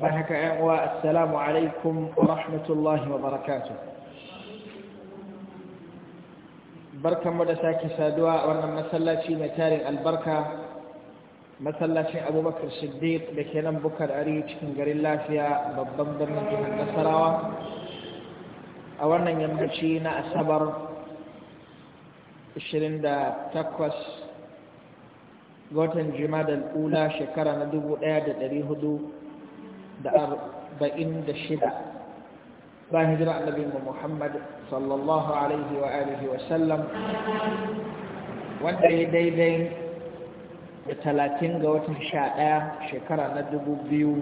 barka ƴan uwa assalamu alaikum rahmatullahi wa barakatuh barkanmu da sake saduwa a wannan masallaci mai tarin albarka masallacin abubakar shiddiq da ke nan bukar ari cikin garin lafiya babban birnin jihar nasarawa a wannan yammaci na asabar Takwas, watan jima'a da ula shekara na 1400 da arba'in da shida bayan hijira annabi Muhammad sallallahu alaihi wa alihi wa sallam wanda ya daidai da talatin ga watan sha ɗaya shekara na dubu biyu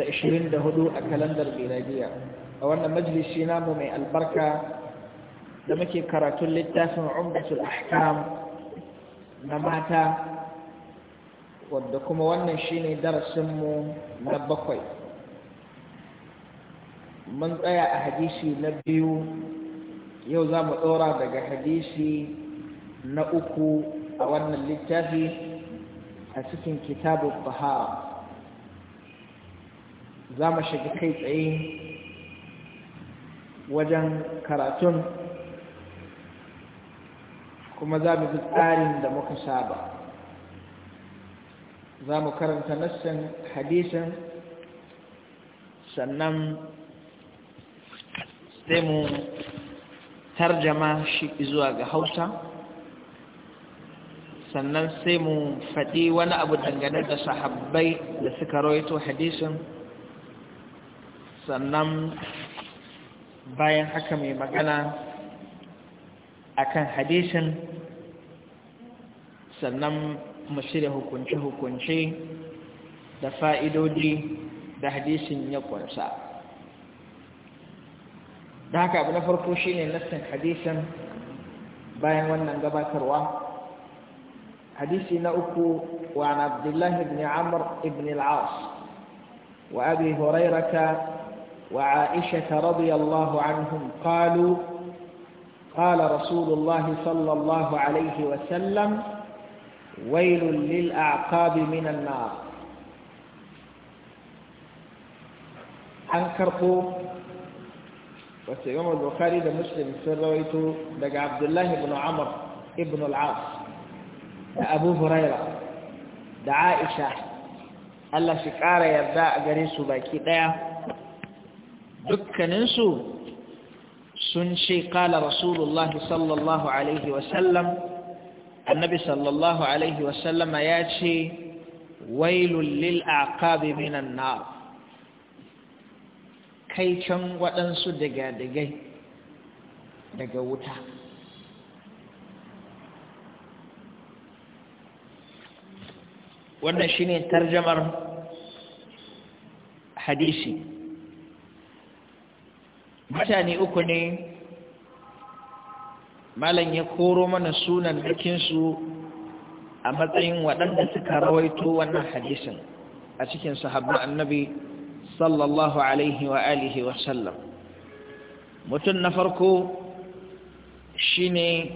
da ishirin da hudu a kalandar biladiya a wannan majalisi namu mai albarka da muke karatun littafin umdatul ahkam na mata wadda kuma wannan shine darasinmu na bakwai mun tsaya a hadisi na biyu yau za mu ɗora daga hadisi na uku a wannan littafi a cikin kitabu baha. za mu shiga kai tsaye wajen karatun kuma za mu bi tsarin da muka saba za mu karanta nassan hadisin sannan sai mu tarjama shi zuwa ga hausa sannan sai mu faɗi wani abu dangane da sahabbai da suka rawaito hadisin sannan bayan haka mai magana akan hadisin sannan kuma shirya hukunce-hukunce da fa'idodi da hadisin ya ƙunsa da haka abu na farko shi ne nassin hadisin bayan wannan gabatarwa hadisi na uku wa an abdullahi ibn amr ibn al'as wa abi hurairata وعائشة رضي الله عنهم قالوا قال رسول الله صلى الله عليه وسلم ويل للأعقاب من النار أنكرتوا وسيوم البخاري ده مسلم سرويته ده عبد الله بن عمر ابن العاص ده أبو هريرة ده عائشة Allah shi ƙara yarda a gare su baki ɗaya dukkaninsu sun ce ƙala rasulullah sallallahu alaihi wasallam annabi sallallahu alaihi wasallama ya ce wailul lil aqabi minan na. kai can waɗansu daga dagai daga wuta wannan shine tarjamar hadisi mutane uku ne malam ya koro mana sunan dukinsu a matsayin waɗanda suka rawaito wannan hadisin a cikin sahabban annabi sallallahu alaihi wa alihi wa sallam mutum na farko shine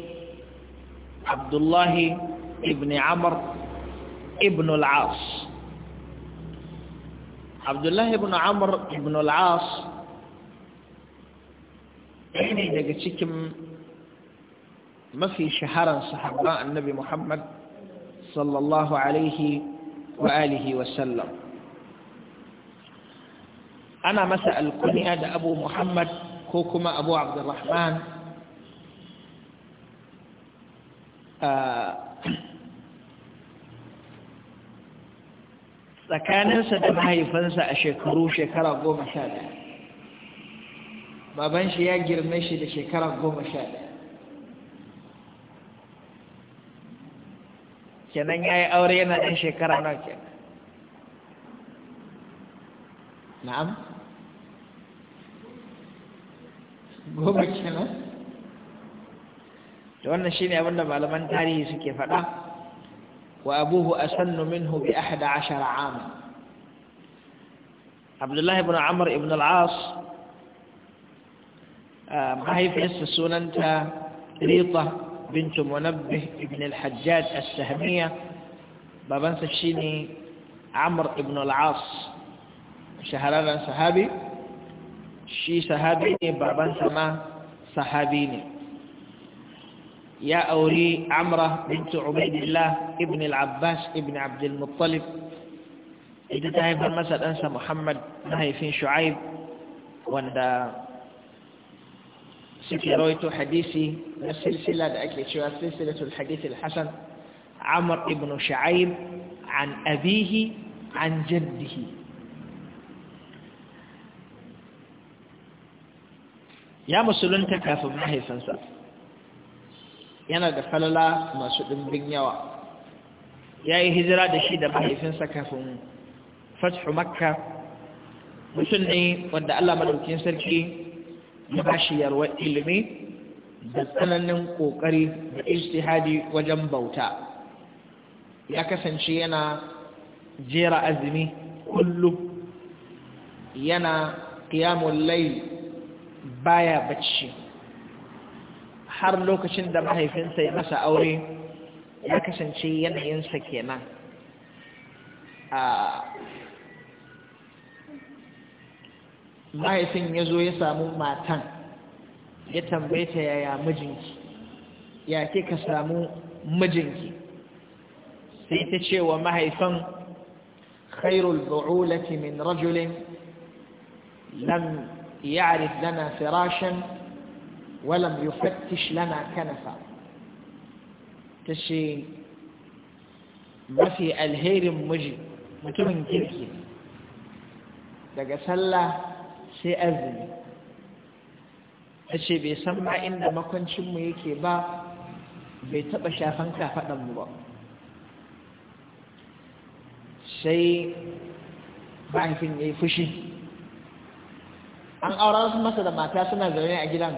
abdullahi ibn amr ibn al abdullahi ibn amr ibn al-as ne daga cikin ما في شهرا صحابة النبي محمد صلى الله عليه وآله وسلم أنا مسأل هذا أبو محمد كوكما أبو عبد الرحمن آه، سكانن سا ده مهيفن سا اشكرو شكرا قوم ما بنشي يا جرمشي ده شكرا قوم kenan ya yi aure yana ɗan shekara nawa kenan na'am goma kenan da wannan shine abin da malaman tarihi suke faɗa wa abuhu asannu minhu bi ahada ashara ama abdullahi ibn amr ibn al-as mahaifiyarsa sunanta rita بنت منبه ابن الحجاج السهمية بابنسا شيني عمر ابن العاص شهرانا صحابي شي صحابي بابنسا ما صحابيني يا أولي عمرة بنت عبيد الله ابن العباس ابن عبد المطلب إذا تهيب المسأل أنسى محمد في شعيب وأن suke rawaito hadisi na silsila da ake cewa silsilatul hadith al-hasan Amr ibn Shu'aib an abihi an jaddihi ya musulunta kafin mahaifinsa yana da falala masu ɗimbin yawa ya yi hijira da shi da mahaifinsa kafin fathu makka mutum ne wanda Allah maɗaukin sarki ya ba shi yarwar ilimi da tsananin ƙoƙari da istihadi wajen bauta ya kasance yana jera azumi kullum yana ƙiyamun lai baya bacci har lokacin da mahaifinsa ya masa aure ya kasance yanayinsa kenan a ah, mahaifin ya zo ya samu matan ya tambaye ta yaya mijinki ya ke ka samu mijinki sai ta ce wa mahaifan khairul bu'ulati min rajulin lam ya'rif lana firashan wa lam yufattish lana kanafa ta ce mafi alherin miji mutumin kirki daga sallah sai azumi ta ce bai san ma inda makwancinmu yake ba bai taɓa shafan kafaɗanmu ba sai bankin ya yi fushi an aura su masa da mata suna zaune a gidan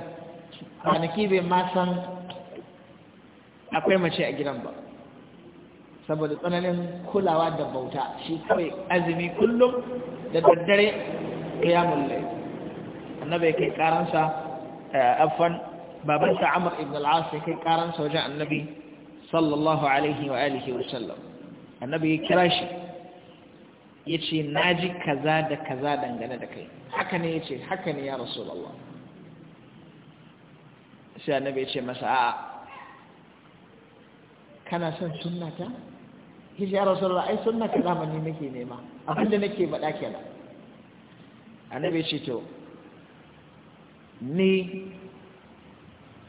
kwanaki bai ma san akwai mace a gidan ba saboda tsananin kulawa da bauta shi kawai azumi kullum da daddare ya mulle النبي كي كارنسا أفن آه، بابنت عمر ابن العاص كي كارنسا وجاء النبي صلى الله عليه وآله وسلم النبي كراشي يشي ناجي كزادا كزادا غندكي حكني يتشي حكني يا رسول الله سيا النبي يتشي مساء آه، كان سن سنك يتشي يا رسول الله أي سنك لا من يمكي نيما أفل نكي بلاكي النبي يتشي ni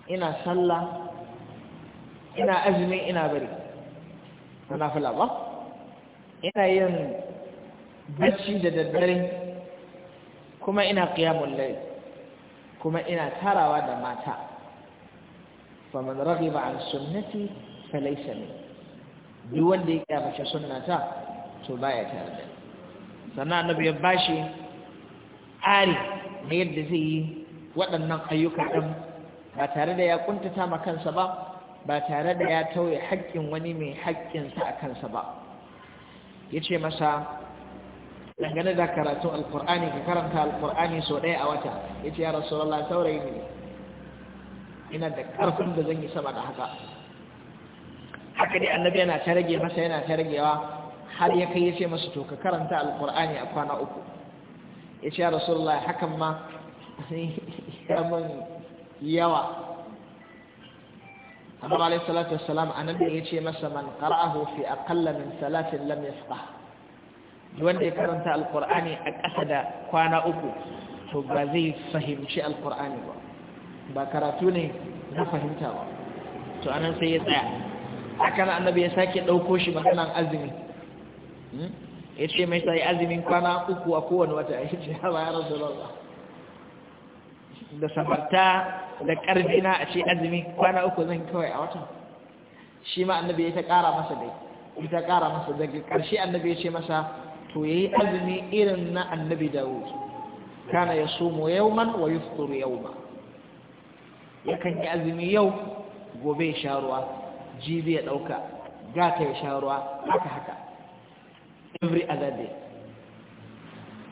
ina sallah ina azumi ina bari ina fila ba ina yin bacci da daddare kuma ina qiyamul layl kuma ina tarawa da mata man raghiba an sunnati falaysa min duk wanda ya bace sunnata to baya tare da sannan annabi ya bashi ari na yadda zai yi waɗannan ayyuka ɗin ba tare da ya kuntata ma kansa ba ba tare da ya tauye haƙƙin wani mai haƙƙinsa a kansa ba ya ce masa dangane da karatun alkur'ani ka karanta alkur'ani sau ɗaya a wata ya ce ya rasu rasulallah saurayi ne ina da ƙarfin da zan yi sama da haka haka dai annabi yana ta rage masa yana ta ragewa har ya kai ya ce masa to ka karanta alkur'ani a kwana uku ya ce ya rasu rasulallah hakan ma saman yawa amma alaihi salatu wassalam da ya ce masa man qara'ahu fi aqalla min salatin lam yafqah wanda ya karanta alqur'ani a ƙasa da kwana uku to ba zai fahimci alqur'ani ba ba karatu ne na fahimta ba to anan sai ya tsaya hakan annabi ya sake ɗauko shi maganan azumi hmm? ya ce mai sai azumin kwana uku a kowane wata ya ce ya rasu lallah da samarta da ƙarfina a ce azumi kwana uku zan kawai a watan shi ma annabi ya ta ƙara masa dai ya ta ƙara masa daga ƙarshe annabi ya ce masa to ya yi azumi irin na annabi dawud kana ya sumo yauman wa yufturu yauma yakan yi azumi yau gobe ya sha ruwa jibi ya ɗauka gata ya sharuwa haka haka every other day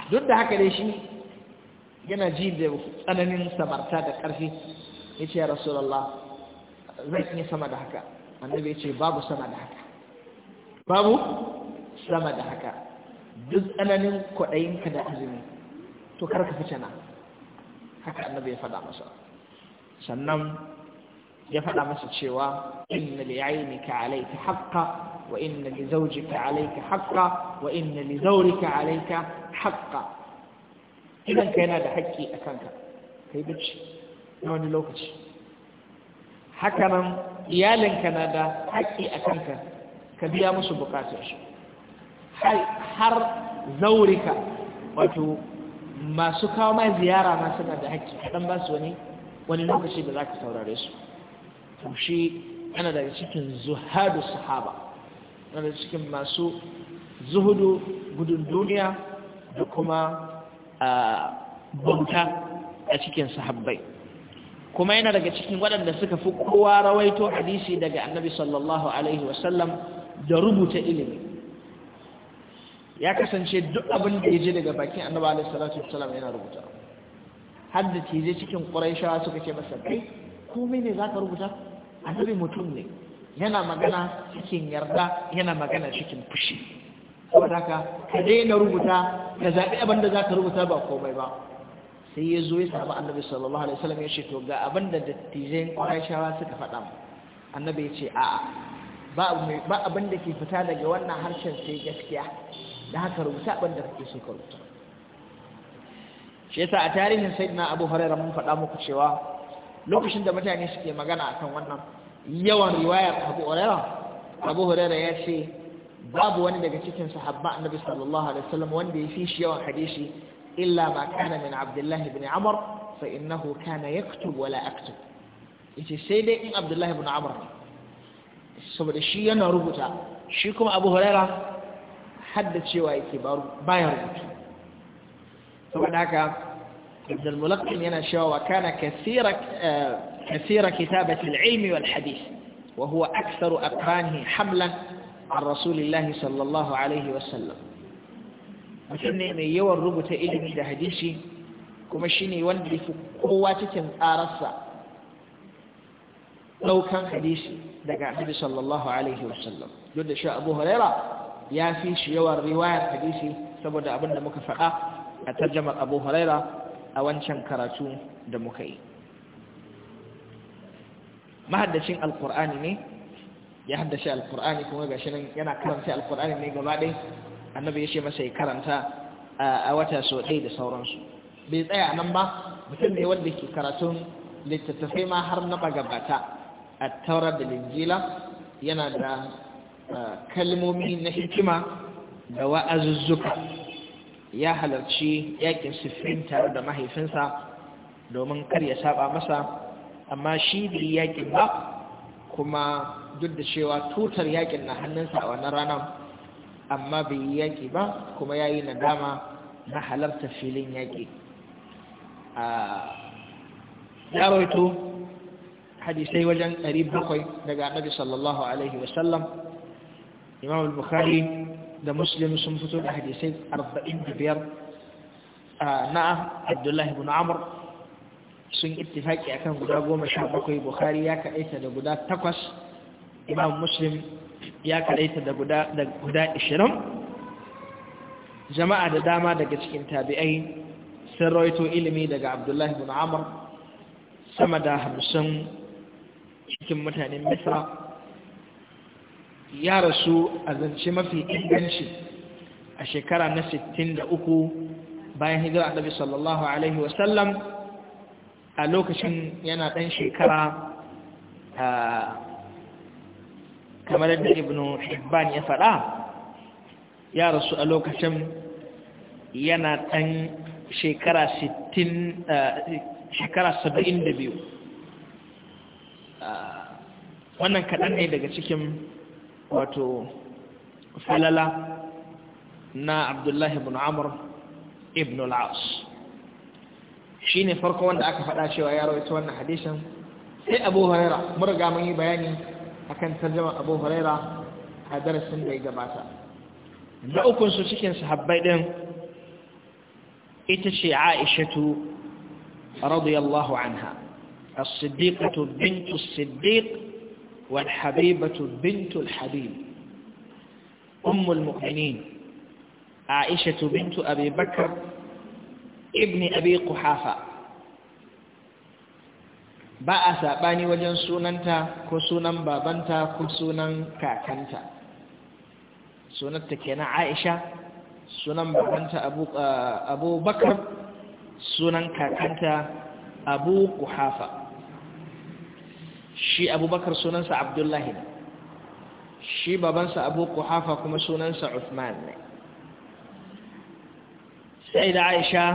duk da haka dai shi yana ji da tsananin samarta da ƙarfi ya ce ya rasulallah zai iya sama da haka annabi ya ce babu sama da haka babu sama da haka duk tsananin kwaɗayinka da azumi to karka fice na haka annabi ya faɗa masa sannan ya faɗa masa cewa inna li aynika alayka haqqan wa inna li zawjika alayka haqqan wa inna li zawrika alayka haqqan idan ka yana da haƙƙi a kanka ka yi bacci na wani lokaci hakanan iyalinka na da haƙƙi a kanka ka biya musu bukatar su har zaurika wato masu kawo mai ziyara masu da haƙƙi kaɗan ba su wani wani lokaci da za ka saurare su shi ana daga cikin zuhadu sahaba ana daga cikin masu zuhudu gudun duniya da kuma bauta a cikin sahabbai kuma yana daga cikin waɗanda suka fi kowa rawaito hadisi daga annabi sallallahu alaihi wasallam da rubuta ilimi ya kasance duk abin da ya je daga bakin annabi alaihi wasallam yana rubuta har da tije cikin ƙuraishawa suka ce masa kai komai ne za ka rubuta annabi mutum ne yana magana cikin yarda yana magana cikin fushi saboda haka ka daina rubuta ka zaɓi abin da za ka rubuta ba komai ba sai ya zo ya sami annabi sallallahu alaihi wasallam ya ce to ga abin da dattijan ƙwarashawa suka faɗa mu annabi ya ce a'a ba abin da ke fita daga wannan harshen sai gaskiya da haka rubuta abin da kake so ka rubuta shi yasa a tarihin sayyidina abu hurairah mun faɗa muku cewa lokacin da mutane suke magana akan wannan yawan riwayar abu hurairah abu hurairah ya ce babu wani daga cikin sahabba annabi sallallahu alaihi wasallam wanda ya fi shi yawan hadisi illa ma kana min abdullahi ibn amr fa innahu kana yaktub wala aktub yace sai dai in abdullahi ibn amr saboda shi yana rubuta shi kuma abu huraira haddacewa yake baya rubutu saboda haka ibn al-mulaqqim yana cewa kana kathira kathira kitabati al-ilmi wal hadith wa huwa aktharu aqranihi hamlan an rasulillahi sallallahu alaihi wasallam mutum ne mai yawan rubuta ilimi da hadisi kuma shi ne wanda ya fi kowa cikin tsararsa ɗaukan hadisi daga hadisi sallallahu alaihi wasallam duk da shi abu huraira ya fi shi yawan riwayar hadisi saboda abin da muka faɗa a tarjamar abu huraira a wancan karatu da muka yi mahaddacin alkur'ani ne ya haddace alkur'ani kuma ga nan yana karanta alkur'ani ne gaba ɗai annabi ya ce masa ya karanta a wata so ɗai da sauransu bai tsaya nan ba mutum ne wanda ke karatun littattafai ma har na gabata. a taurar da linjila yana da kalmomi na hikima da wa'azuzzuka ya halarci yakin siffin tare da mahaifinsa domin kar ya saba masa amma shi bai yakin ba kuma duk da cewa tutar yakin na hannunsa a wannan ranar amma bai yi yaki ba kuma ya yi nadama na halarta filin yaƙi. ya rawaito hadisai wajen 700 daga annabi sallallahu alaihi wasallam imam al-bukhari da muslim sun fito da hadisai 45 na abdullahi ibn Amur sun ittifaki akan guda 17 bukhari ya kaita da guda 8 imam muslim ya kadaita da guda ishirin jama'a da dama daga cikin tabi'ai sun rawaito ilimi daga abdullahi bin amur sama da hamsin cikin mutanen misra ya rasu a zance mafi inganci a shekara na 63 bayan hijira ɗabi sallallahu alaihi wasallam a lokacin yana ɗan shekara ah, kamar da ibn hibban ya faɗa ya rasu a lokacin yana ɗan shekara 60 eh, shekara 72 ah, wannan kaɗan ne daga cikin wato falala na abdullahi ibn amur ibn al'as shi ne farko wanda aka faɗa cewa ya rawaita wannan hadishin sai abu huraira murga mun yi bayani akan tarjama abu huraira a darasin da ya gabata da ukunsu cikin sahabbai din ita ce aishatu radiyallahu anha الصديقة بنت الصديق والحبيبة بنت الحبيب أم المؤمنين عائشة بنت أبي بكر ابن أبي قحافة ba a saɓani wajen sunanta ko sunan babanta ko sunan kakanta sunanta kenan aisha sunan babanta abubakar sunan kakanta abu kuhafa shi abubakar sunansa abdullahi ne shi babansa abu kuhafa kuma sunansa uthman ne sai da aisha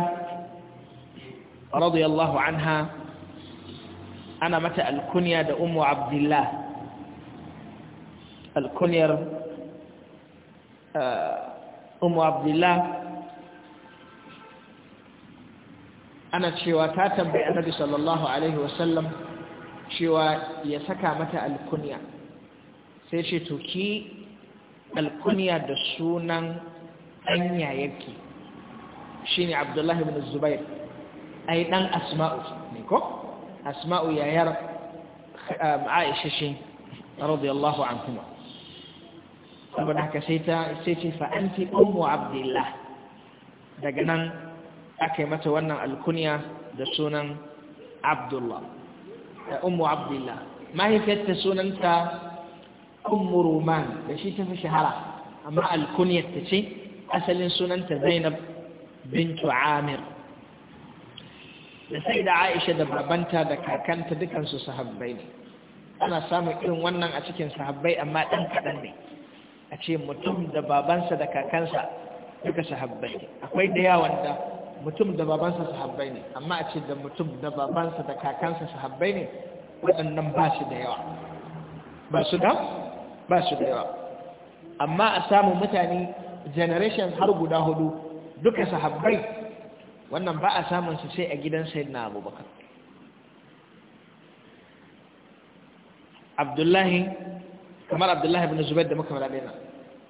radiyallahu anha ana mata alkunya da umu abdullah alkuniyar umu uh, abdullah ana cewa ta tambayi annabi sallallahu alaihi wasallam cewa ya saka mata alkuniya sai ce to ki alkuniya da sunan hanya yake shine abdullahi ibn zubair yi ɗan asma'u ne ko أسماء يا ياير عائشة شيء رضي الله عنهما أبنا كسيتا سيتي فأنت أم عبد الله دقنا أكيمة وانا الكنية دسونا عبد الله أم عبد الله ما هي في التسونا أنت أم رومان بشيت في شهرة أما الكنية تسي أسل سونا أنت زينب بنت عامر da sai da aisha da babanta da kakanta dukansu sahabbai ne ana samun irin wannan a cikin sahabbai amma ɗan kaɗan ne a ce mutum da babansa da kakansa duka sahabbai ne akwai da yawan da mutum da babansa sahabbai ne amma a ce da mutum da babansa da kakansa sahabbai ne waɗannan ba su da yawa ba su da ba su da yawa amma a samun mutane generation har guda hudu duka sahabbai wannan ba a samun su sai a gidan sayyidina abubakar abdullahi kamar abdullahi bin zubair da muka fara dena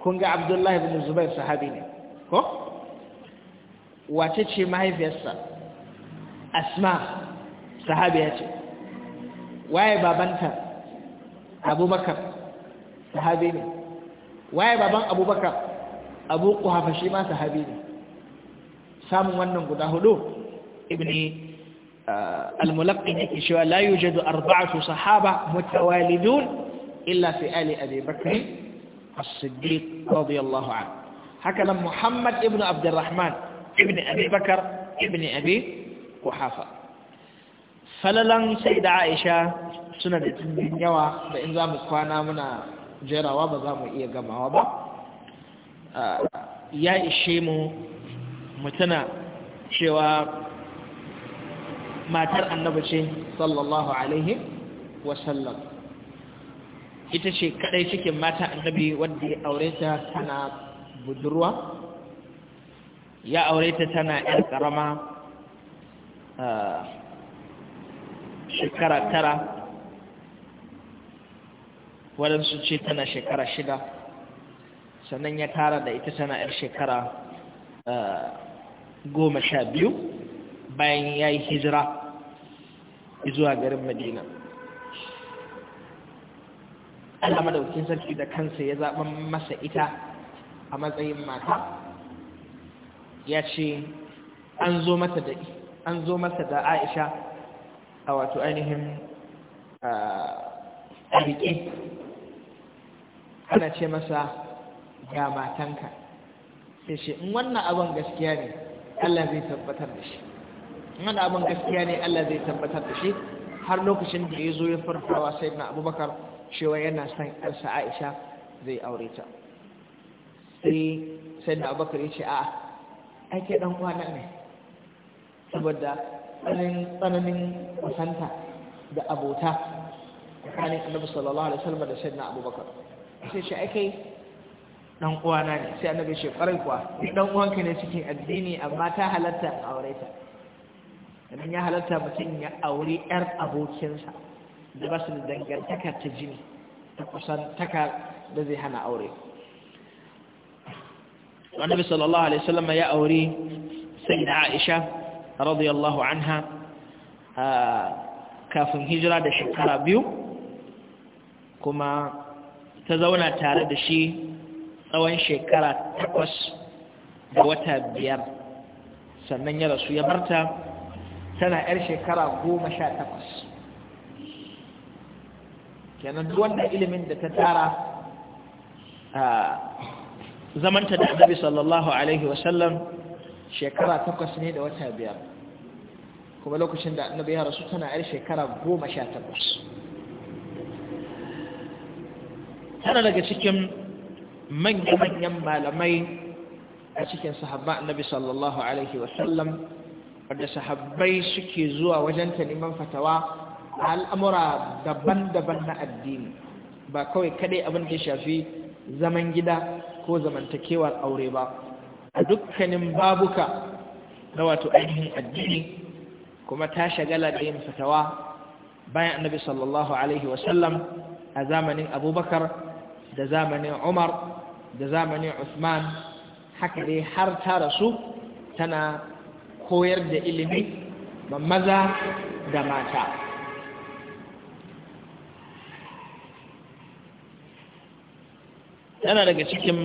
kun ga abdullahi bin zubair sahabi ne ko wace ce mahaifiyarsa asma sahabiya ce waye babanta abubakar sahabi ne waye baban abubakar abu kuhafa shi ma sahabi ne samun wannan guda hudu ibni uh, al-mulaqqin yake cewa la yujadu arba'atu sahaba mutawalidun illa fi ali abi bakr as-siddiq radiyallahu anhu haka nan muhammad ibn abdurrahman ibn abi bakr ibni abi kuhafa falalan sayyida aisha suna da tumbin yawa da in zamu kwana muna jerawa ba za mu iya gamawa ba uh, ya ishe mu mutuna cewa matar annaba ce sallallahu alaihi wasallam ita ce kadai cikin mata annabi wadda ya aure ta tana budurwa ya aure ta tana yar karama shekara tara waɗansu ce tana shekara shida sannan ya tara da ita tana yar shekara goma sha biyu bayan ya yi hijira zuwa garin madina Allah madaukin sarki da kansa ya zaɓa masa ita a matsayin mata ya ce an zo masa da Aisha a wato ainihin a riƙe ana ce masa ga matanka sai shi in wannan abin gaskiya ne Allah zai tabbatar da shi wani abin gaskiya ne Allah zai tabbatar da shi har lokacin da ya zo ya farfawa sai na abubakar cewa yana son ƙarsa aisha zai aure ta sai sai na abubakar ya ce a ake ɗan kwana ne saboda tsananin kusanta da abota tsakanin annabi sallallahu alaihi wasallam da sayyidina abubakar sai shi ake dan uwana ne sai annabi shi kwarai kuwa dan uwanka ne cikin addini amma ta halatta a aure ta idan ya halatta mutum ya aure yar abokinsa da ba su da dangantaka ta jini ta kusan taka da zai hana aure annabi sallallahu alaihi wasallam ya aure sayyida Aisha radiyallahu anha kafin hijira da shekara biyu kuma ta zauna tare da shi tsawon shekara takwas da wata biyar sannan ya rasu ya barta tana 'yar shekara goma sha takwas kenan wanda ilimin da ta tara zamanta da annabi sallallahu alaihi wasallam shekara takwas ne da wata biyar kuma lokacin da annabi ya rasu tana 'yar shekara goma sha takwas tana daga cikin manya-manyan malamai a cikin sahaba annabi sallallahu alaihi wasallam wadda sahabbai suke zuwa wajen ta neman fatawa a al'amura daban-daban na addini ba kawai kadai abin da shafi zaman gida ko zamantakewar aure ba a dukkanin babuka na wato ainihin addini kuma ta shagala da yin fatawa bayan annabi sallallahu alaihi wasallam a zamanin abubakar da zamanin umar da zamanin usman haka dai har ta rasu tana koyar da ilimi ma maza da mata Tana daga cikin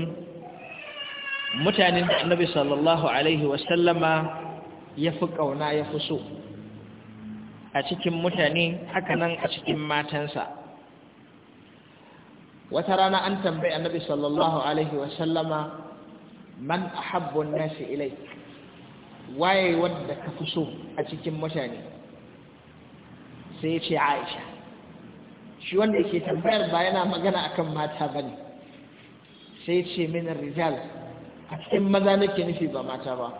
mutanen da annabi sallallahu alaihi wasallama ya fi ƙauna ya fi so a cikin mutane hakanan a cikin matansa wata rana an tambayi annabi sallallahu alaihi wasallama man ahabbun nasi ilai waye wadda ka fi so a cikin mutane sai ya ce aisha shi wanda ke tambayar ba yana magana akan mata ba ne sai ce min rijal a cikin maza nake nufi ba mata ba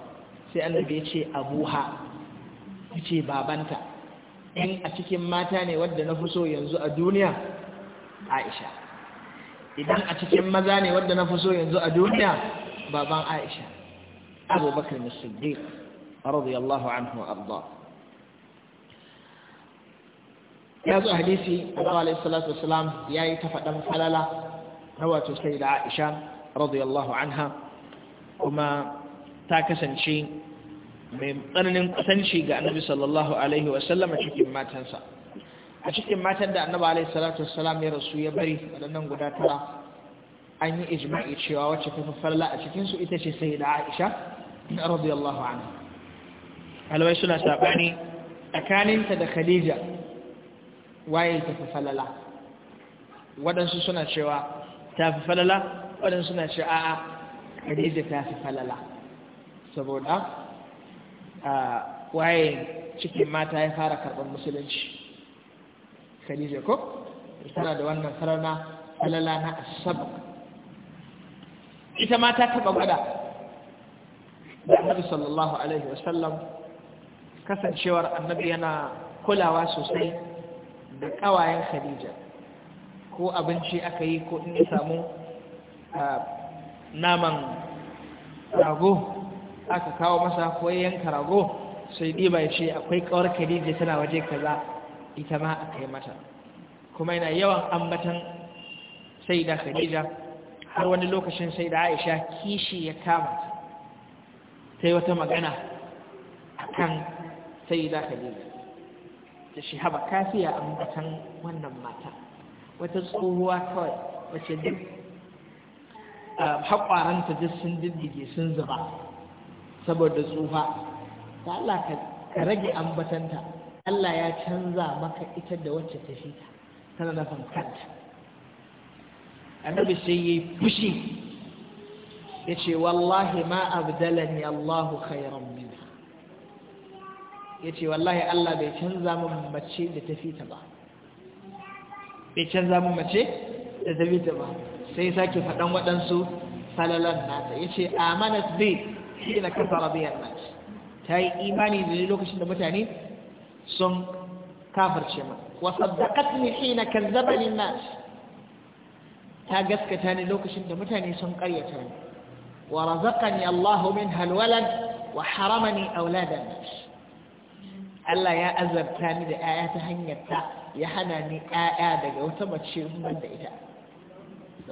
sai annabi ya ce abuha ya ce babanta in a cikin mata ne wadda na fi so yanzu a duniya aisha idan a cikin maza ne wadda na fi yanzu a duniya baban aisha abubakar musulmi radiyallahu anhu arda ya zo hadisi Allah alaihi salatu wasalam ya yi ta faɗan falala na wato sai da aisha radiyallahu anha kuma ta kasance mai tsananin kusanci ga annabi sallallahu alaihi wasallam a cikin matansa a cikin matan da annaba alaihi salatu wassalam ya rasu ya bari waɗannan guda tara an yi ijma'i cewa wacce ta fi farla a cikin su ita ce sai da Aisha radiyallahu anha alwai suna saɓani tsakaninta da Khadija waye ta fi falala waɗansu suna cewa ta fi falala waɗansu suna cewa a'a Khadija ta fi falala saboda waye cikin mata ya fara karɓar musulunci khadija ko tana da wannan sarana falala na asabu ita ma ta taba gada da annabi sallallahu alaihi wasallam kasancewar annabi yana kulawa sosai da kawayen khadija ko abinci aka yi ko in samu naman rago aka kawo masa ko yanka rago sai ɗiba ya ce akwai kawar khadija tana waje kaza ita ma a kai mata kuma yana yawan ambatan sai da khadija har wani lokacin sai da aisha kishi ya kama sai wata magana a kan sai da khadija da shi haɓa kafiya ambatan wannan mata wata tsohuwa kawai wace duk haƙwaranta duk sun diddige sun zuba saboda tsufa ta Allah ka rage ambatanta Allah ya canza maka ita da wacce ta fi tana da kanta annabi sai yi fushi ya ce wallahi ma abdalani Allahu khairan minha ya ce wallahi Allah bai canza min mace da ta fi ba bai canza min mace da ta fi ba sai sake faɗan waɗansu falalan nata ya ce amanat bi shi na kafa rabiyar nata ta yi imani da lokacin da mutane سم كافر شما وصدقتني حين كذب للناس تاقسك تاني لوكش انت متاني سم قرية تاني ورزقني الله منها الولد وحرمني أولاد الناس ألا يا أزب تاني ذا آيات هنيتا يا حناني آيات وثم تشير من ديتا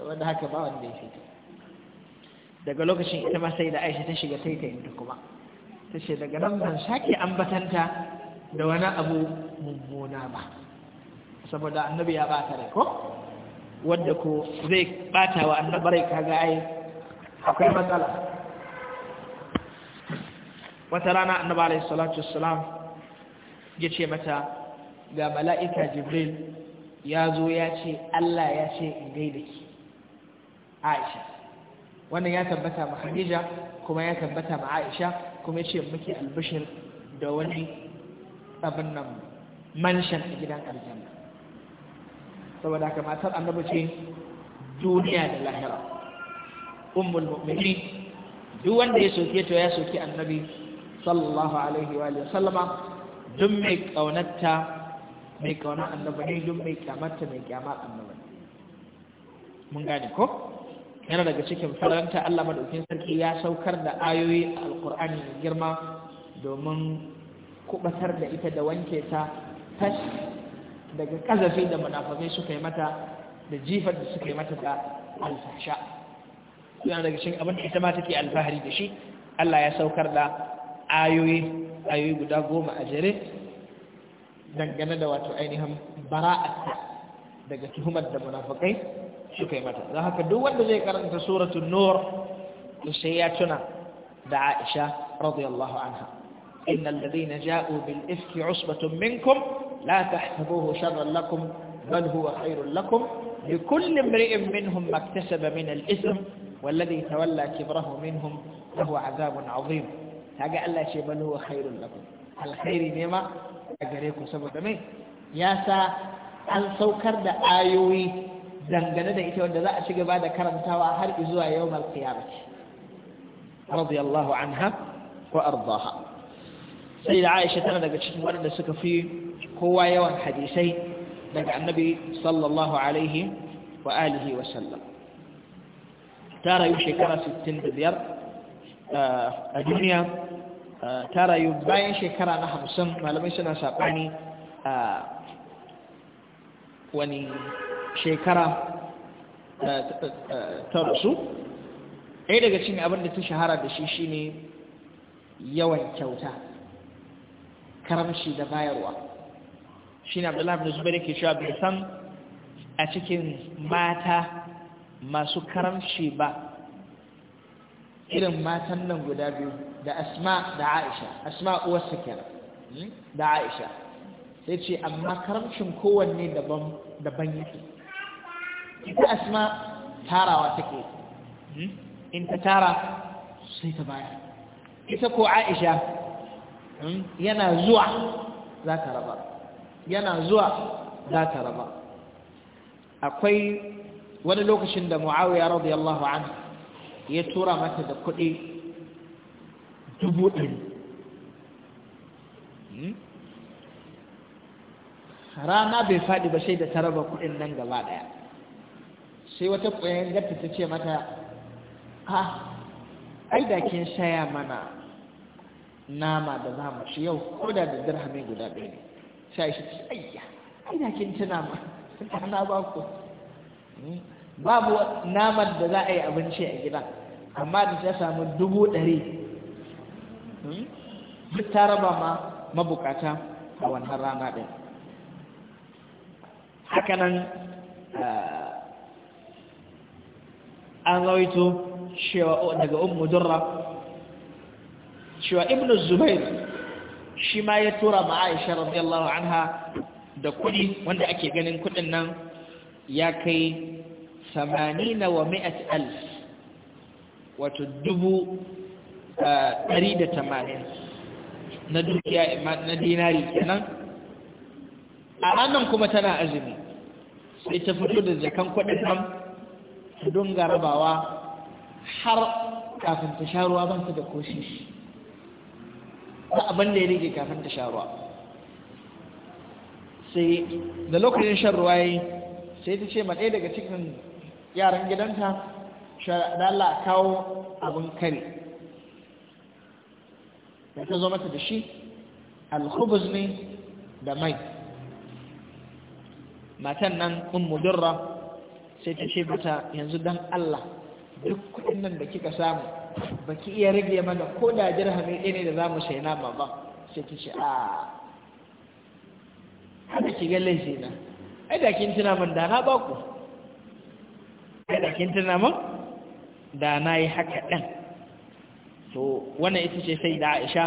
وده هكذا من ديتا daga lokacin ita ma sai da Aisha ta shiga taita inda kuma ta ce daga nan saki ambatanta da wani abu mummuna ba saboda annabi ya bata rai ko wadda ko zai bata wa annabarai kaga ai akwai matsala wata rana annabi alaihi salatu wassalam ya ce mata ga mala'ika jibril ya zo ya ce Allah ya ce in gaida ki Aisha wannan ya tabbata ma Khadija kuma ya tabbata ma Aisha kuma ya ce miki albishir da wani abin nan manshan a gidan aljanna saboda haka matar annabi ce duniya da lahira ummul mu'minin duk wanda ya soke to ya soke annabi sallallahu alaihi wa sallama duk mai kaunarta mai kaunar annabi ne duk mai kyamarta mai kyama annabi mun gane ko yana daga cikin faranta Allah madaukin sarki ya saukar da ayoyi a alkur'ani girma domin kubatar da ita da wanke ta tash daga kazafi da munafakai suka yi mata da jifar da suka yi mata da alfasha yana daga cikin abin da ita ma take alfahari da shi Allah ya saukar da ayoyi ayoyi guda goma a jere dangane da wato ainihin bara'atta daga tuhumar da munafakai suka yi mata don haka duk wanda zai karanta suratul nur to sai ya tuna da Aisha radiyallahu anha إن الذين جاءوا بالإفك عصبة منكم لا تحسبوه شرا لكم بل هو خير لكم لكل امرئ منهم ما اكتسب من الإثم والذي تولى كبره منهم له عذاب عظيم هذا الله شيء بل هو خير لكم الخير نما أجريكم سبب من يا سا أن سوكر دا آيوي da دا wanda za a بعد كرم da karantawa يوم القيامة رضي الله عنها وأرضاها sai da aisha tana daga cikin waɗanda suka fi kowa yawan hadisai daga annabi sallallahu alaihi wa alihi wa sallam ta rayu shekara 65 eh, a duniya eh, ta rayu bayan shekara na 50 malamai suna saɓani a eh, wani shekara ta rasu ɗaya daga cikin abinda ta shahara da shi shine yawan kyauta karamshi da bayarwa shi na abdullahi bin Zubairu ke cewa bai san a cikin mata masu karamshi ba irin matan nan guda biyu da asma da aisha asma uwarsa kenan hmm? da aisha sai ce amma karamcin kowanne daban yake ita asma tarawa take hmm? in ta tara sai ta baya. ita ko aisha Hmm? yana zuwa za ka raba yana zuwa za ka raba akwai wani lokacin da mu'awiya radiyallahu an ya tura mata da kuɗi dubu ɗari hmm? rana bai faɗi ba sai da ta raba kuɗin nan gaba ɗaya sai wata ƙwayar ta ce mata ha ah, ai da kin saya mana nama da za mu ci yau ko da da dirhami guda ɗaya ne sai shi ce ayya ina kin ci nama na ba ku hmm? babu naman da za a yi abinci a gida amma da ta samu dubu ɗari hmm? duk ta raba ma mabukata a wannan rana ɗin hakanan ah, an rawaito cewa daga ummu durra cewa ibn zubair shi ma ya tura ma aisha radiyallahu anha da kuɗi wanda ake ganin kuɗin nan ya kai samanina wa mi'at alf wato dubu ɗari da tamanin na dukiya na dinari kenan a ranar kuma tana azumi sai ta fito da jakan kuɗin nan ta dunga rabawa har kafin ta sha ruwa ban ta da koshi ba abin da ya rage kafin ta sha ruwa sai da lokacin shan ruwa yi sai ta ce ma ɗaya daga cikin yaran gidanta shara kawo abin kare da ta zo mata da shi alhubuz ne da mai matan nan ummu mudurra sai ta ce mata yanzu don Allah duk kuɗin nan da kika samu baki iya rage mana ko da dirhami ɗaya ne da za mu shai nama ba sai ta ce a haka ki ga laifi na ai da kin tuna min da na ba ku ai da kin tuna min da na yi haka ɗan to wannan ita ce sai da aisha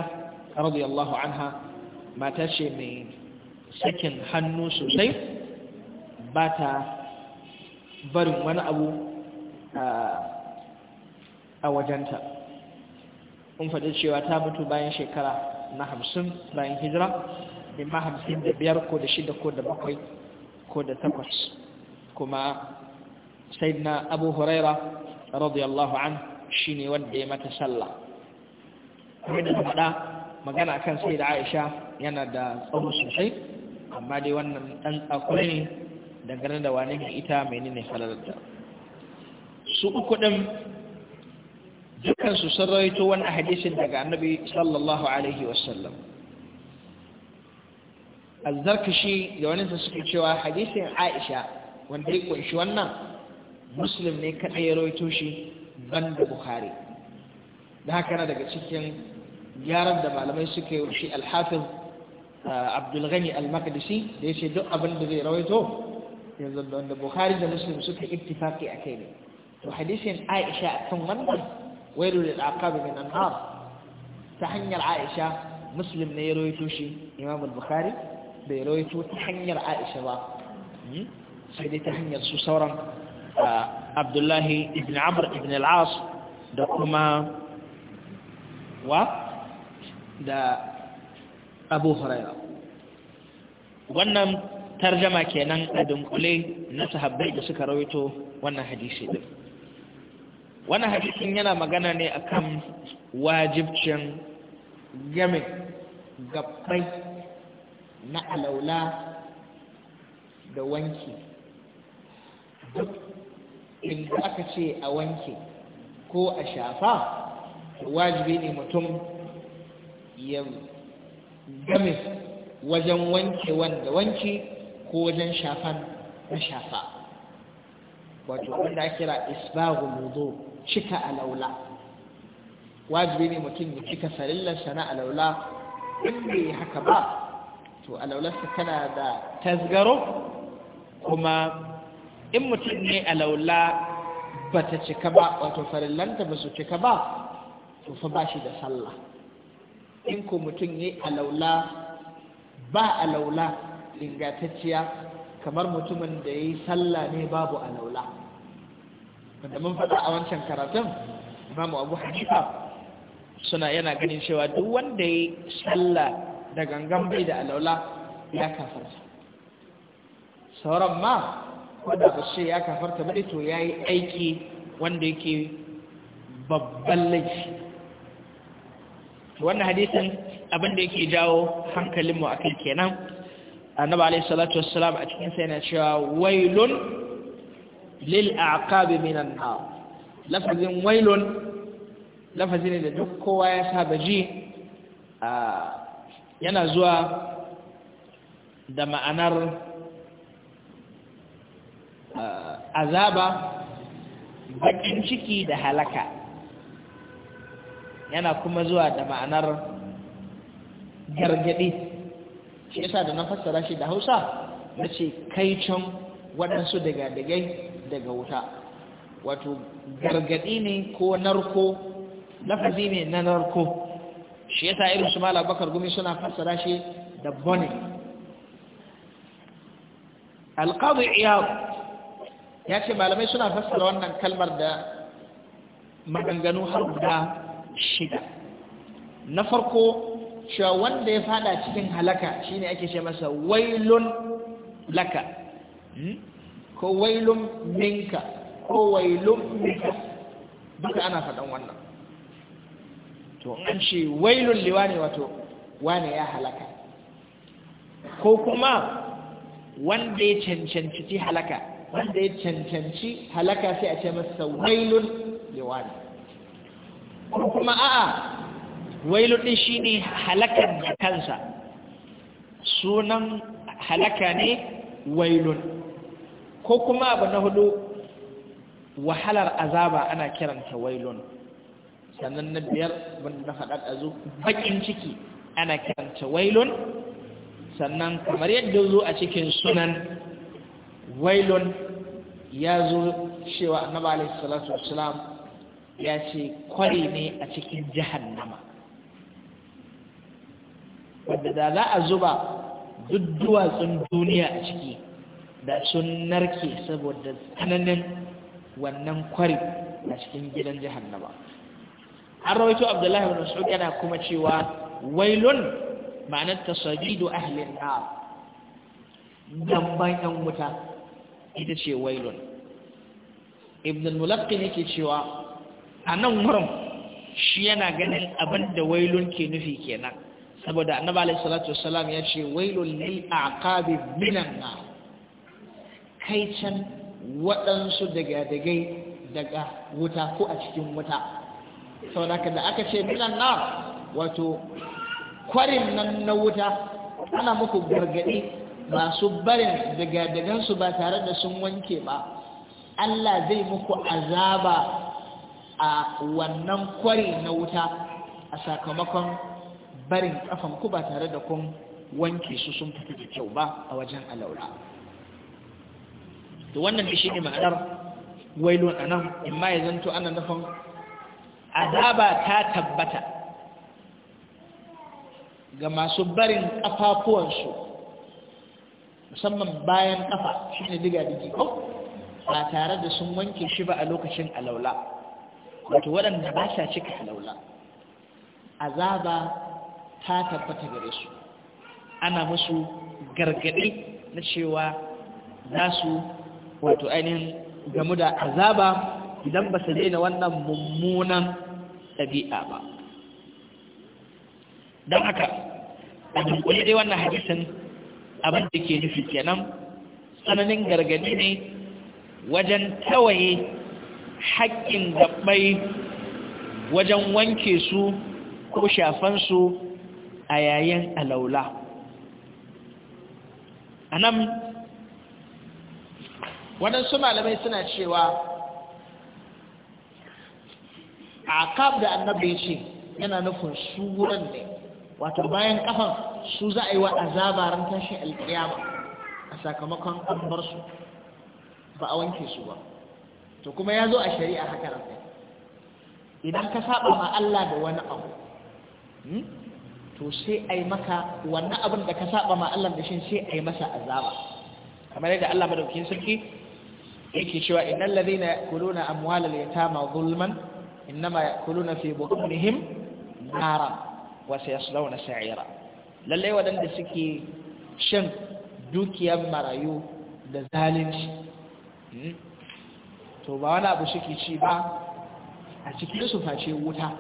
radiyallahu anha mata ce mai sakin hannu sosai ba ta barin wani abu ah, a wajenta in faɗi cewa ta mutu bayan shekara na hamsin bayan hijira ma hamsin da biyar ko da shida ko da bakwai ko da takwas kuma sai na abu huraira radiyallahu an shi ne wanda ya mata sallah kuma da faɗa magana kan sai da aisha yana da tsawo sosai amma dai wannan ɗan tsakuri ne dangane da wani ita mai ne su uku ɗin dukansu sun rawaito wani hadisin daga annabi sallallahu alaihi wasallam azzarkashi da wani ta suke cewa hadisin aisha wanda ya kunshi wannan muslim ne kaɗai ya rawaito shi ban da bukhari da haka na daga cikin gyaran da malamai suka yi shi alhafiz uh, abdulghani al-makadisi da ya ce duk abin da zai rawaito yanzu da bukhari da muslim suka ittifaki a kai ne to hadisin aisha kan wannan wailu lil aqab min anhar ta hanyar Aisha muslim na ya rawaito shi Imam al-Bukhari bai rawaito ta hanyar Aisha ba sai dai ta hanyar su sauran Abdullah ibn Amr ibn al-As da kuma wa da Abu Hurairah wannan tarjama kenan a dunkule na sahabbai da suka rawaito wannan hadisi din wani hadisin yana magana ne akan wajibcin game gabbai na alaula da wanki duk inda aka ce a wanke ko a shafa wajibi ne mutum ya game wajen wanke wanda wanki ko wajen shafan na shafa wato wanda kira isbahu wudu cika alaula wajibi ne mutum ya cika sarillarsa na alaula in bai haka ba to alaularsa tana da tasgaro kuma in mutum ne alaula ba ta cika ba wato sarillanta ba su cika ba to fa ba shi da sallah in ko mutum ne alaula ba alaula ingantacciya kamar mutumin da ya yi sallah ne babu alaula wanda mun faɗa a wancan karatun imamu abu hanifa suna yana ganin cewa duk wanda ya sallah da gangan bai da alaula ya kafarta sauran ma wadda ba shi ya kafarta ba to ya yi aiki wanda yake babban laifi wannan hadisin abinda yake jawo hankalinmu a kai kenan annaba alaihi salatu wassalam a cikin sai na cewa wailun lil aqabi minan nar lafazin wailun lafazi ne da duk kowa ya saba ji yana zuwa da ma'anar azaba bakin ciki da halaka yana kuma zuwa da ma'anar gargadi shi yasa da na fassara shi da hausa na ce can waɗansu daga dagai daga wuta wato gargadi ne ko narko lafazi ne na narko shi yasa irin su mala bakar gumi suna fassara shi da bone alqadi iyad ya ce malamai suna fassara wannan kalmar da maganganu har guda shida na farko cewa wanda ya fada cikin halaka shine ake ce masa wailun laka hmm? ko wailun minka ko wailun minka duka ana faɗan wannan to an ce wailun liwane wato wane ya halaka ko kuma wanda ya cancanci ci halaka wanda ya cancanci halaka sai a ce masa wailun liwane ko kuma a'a wailun din shine halakar da kansa sunan halaka ne wailun ko kuma abu na hudu wahalar azaba ana kiranta wailun sannan na biyar wanda na ɗazu baƙin ciki ana kiranta wailun sannan kamar yadda zo a cikin sunan wailun ya zo cewa annaba alaihi salatu wasalam ya ce kwari ne a cikin jihar nama. wadda da za a zuba duk duwatsun duniya a ciki da sun narke saboda tsananin wannan kwari a cikin gidan jahannama an rawaito abdullahi bin mas'ud yana kuma cewa wailun ma'anar tasabidu ahlin na gamban yan wuta ita ce wailun ibn al yake cewa a nan wurin shi yana ganin abin da wailun ke nufi kenan saboda annabi alaihi salatu wassalam ya ce wailun lil aqabi minan nar kai can waɗansu daga dagai daga wuta ko a cikin wuta sau da aka ce minan na wato kwarin nan na wuta ana muku gargaɗi masu barin daga dagansu ba tare da sun wanke ba Allah zai muku azaba a wannan kwari na wuta a sakamakon barin kafan ku ba tare da kun wanke su sun fito da kyau ba a wajen alaura to wannan shi ne ma'anar a anan in ma ya zanto ana nufin azaba ta tabbata ga masu barin kafafuwansu musamman bayan kafa shi ne diga digi ko ba tare da sun wanke shi ba a lokacin alaula wato waɗanda ba sa cika alaula azaba ta tabbata gare su ana musu gargaɗi na cewa za su wato ainihin gamu da azaba idan ba su daina wannan mummunan ɗabi'a ba don haka a dunkule dai wannan hadisin abin da ke nufi kenan tsananin gargadi ne wajen tawaye haƙƙin gaɓɓai wajen wanke su ko shafansu a yayin alaula a nan waɗansu malamai suna cewa a kaf da annabi ya ce yana nufin su wurin ne wato bayan kafan su za a yi wa azaba ran tashin alkiyama a sakamakon an bar su ba a wanke su ba to kuma ya zo a shari'a haka nan idan ka saba ma Allah da wani abu hmm, to sai a yi maka wannan abin da ka saba ma Allah da shi sai a yi masa azaba kamar yadda Allah madaukakin sarki yake cewa innal na yakuluna amwalal yatama zulman innama yakuluna fi butunihim nara wa na sa'ira lalle waɗanda suke shan dukiyar marayu da zalunci hmm, to ba wani abu suke ci ba a cikinsu face wuta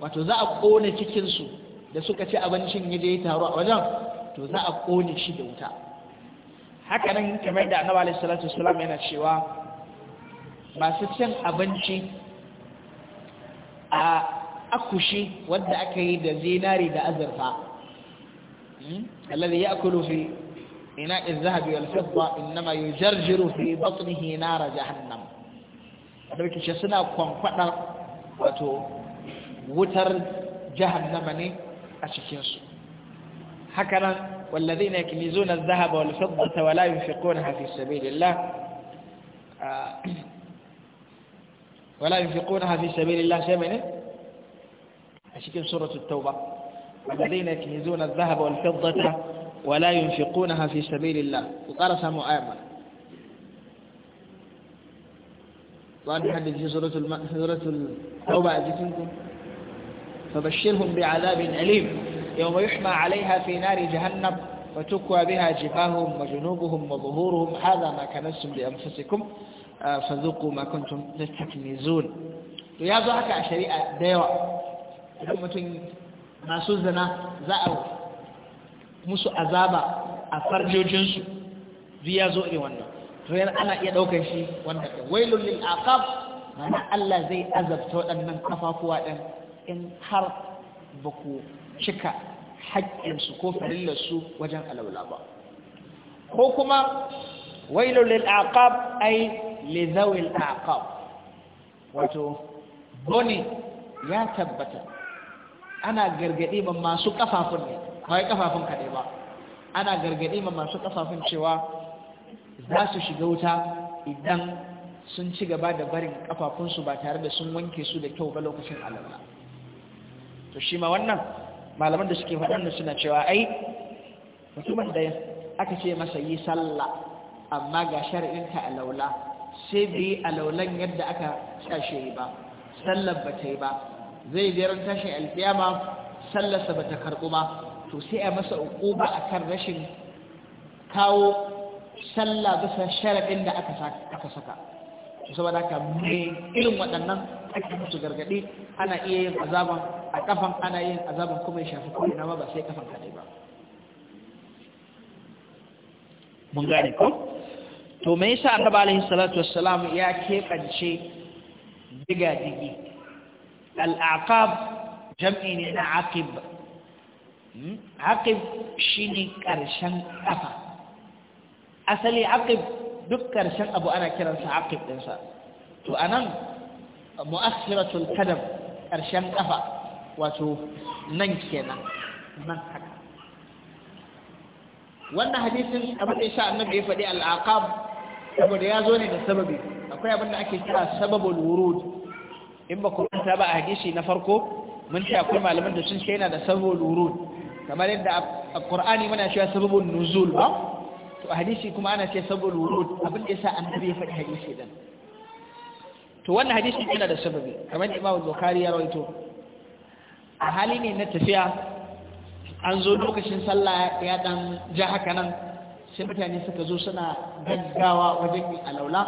wato za a ƙone cikinsu da suka ci abincin yaje taro a wajen to za a ƙone shi da wuta haka nan kamar da annabi alaihi salatu wasallam yana cewa masu cin abinci a akushi wanda aka yi da zinari da azurfa hmm, alladhi ya'kulu fi إناء الذهب والفضة إنما يجرجر في بطنه نار جهنم ذلك شسنا قنقنا وتو وتر جهنم ني أشكيس هكذا والذين يكنزون الذهب والفضة ولا ينفقونها في سبيل الله آه، ولا ينفقونها في سبيل الله شمنه إيه؟ أشكين سورة التوبة والذين يكنزون الذهب والفضة ولا ينفقونها في سبيل الله وقال سامو آيما وأن حدث في سورة, الم... التوبة أجتنكم فبشرهم بعذاب أليم يوم يحمى عليها في نار جهنم وتكوى بها جباههم وجنوبهم وظهورهم هذا ما كنتم لأنفسكم فذوقوا ما كنتم تستكنزون ya zo haka a shari'a da mutum masu zina za a musu azaba a farjojinsu zai ya zo irin wannan Yana ana iya ɗaukar shi wanda ke wailun lil aqab mana Allah zai azabta waɗannan kafafuwa ɗin in har ba ku cika haƙƙinsu ko farillarsu wajen alaula ba ko kuma wailo lil aqab ai li zawil aqab wato boni ya tabbata ana gargadi ba masu kafafun ne kai kafafun kade ba ana gargadi ma masu kafafun cewa za su shiga wuta idan sun ci gaba da barin kafafunsu ba tare da sun wanke su da kyau ba lokacin alama to shi ma wannan malaman da suke faɗin suna cewa ai mutumin da aka ce masa yi sallah amma ga shari'inta a laula sai bai a laulan yadda aka sashe ba sallar ba ta yi ba zai ziyarar tashin alkiyama sallarsa ba ta karɓu ba to sai a masa ba a kan rashin kawo sallah bisa sharaɗin da aka saka to saboda haka mai irin waɗannan ake musu gargaɗi ana iya yin azaban a kafan ana yin azaban kuma ya shafi kuma na ba sai kafan kadai ba mun gane ko to me yasa annabi alaihi salatu wassalam ya keɓance digadigi al'aqab jam'i ne na aqib aqib shine ƙarshen kafa asali aqib duk ƙarshen abu ana kiransa aqib ɗinsa to nan mu'akhiratul qadam ƙarshen kafa wato nan kenan nan haka wannan hadisin abin da yasa annabi ya faɗi al saboda ya zo ne da sababi akwai abin da ake kira sababul wurud in ba ku manta ba a hadisi na farko mun ce akwai malaman da sun ce yana da sababul wurud kamar yadda a Qur'ani muna cewa sababul nuzul ba to hadisi kuma ana ce sabul wurud abin da yasa annabi ya faɗi hadisi din to wannan hadisi yana da sababi kamar Imam Bukhari ya rawaito a hali ne na tafiya an zo lokacin sallah ya dan ja haka nan sai mutane suka zo suna gaggawa wajen yin alaula